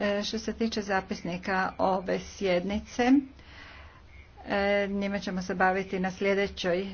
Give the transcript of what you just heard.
E, što se tiče zapisnika ove sjednice, e, njima ćemo se baviti na sljedećoj